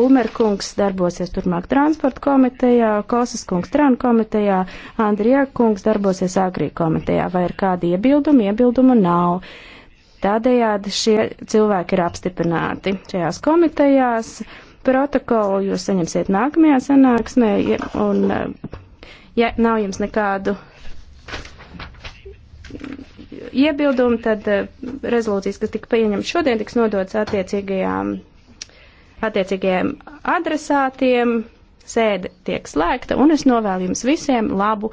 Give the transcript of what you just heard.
Ulmerkungs darbosies turmāk transporta komitejā, Kosas kungs trānu komitejā, Andrija kungs darbosies agrī komitejā. Vai ir kādi iebildumi? Iebildumu nav. Tādējādi šie cilvēki ir apstiprināti šajās komitejās. Protokolu jūs saņemsiet nākamajā sanāksmē, un ja nav jums nekādu iebildumu, tad eh, rezolūcijas, kas tika pieņemts šodien, tiks nodots attiecīgajām attiecīgajiem adresātiem. Sēde tiek slēgta, un es novēlu jums visiem labu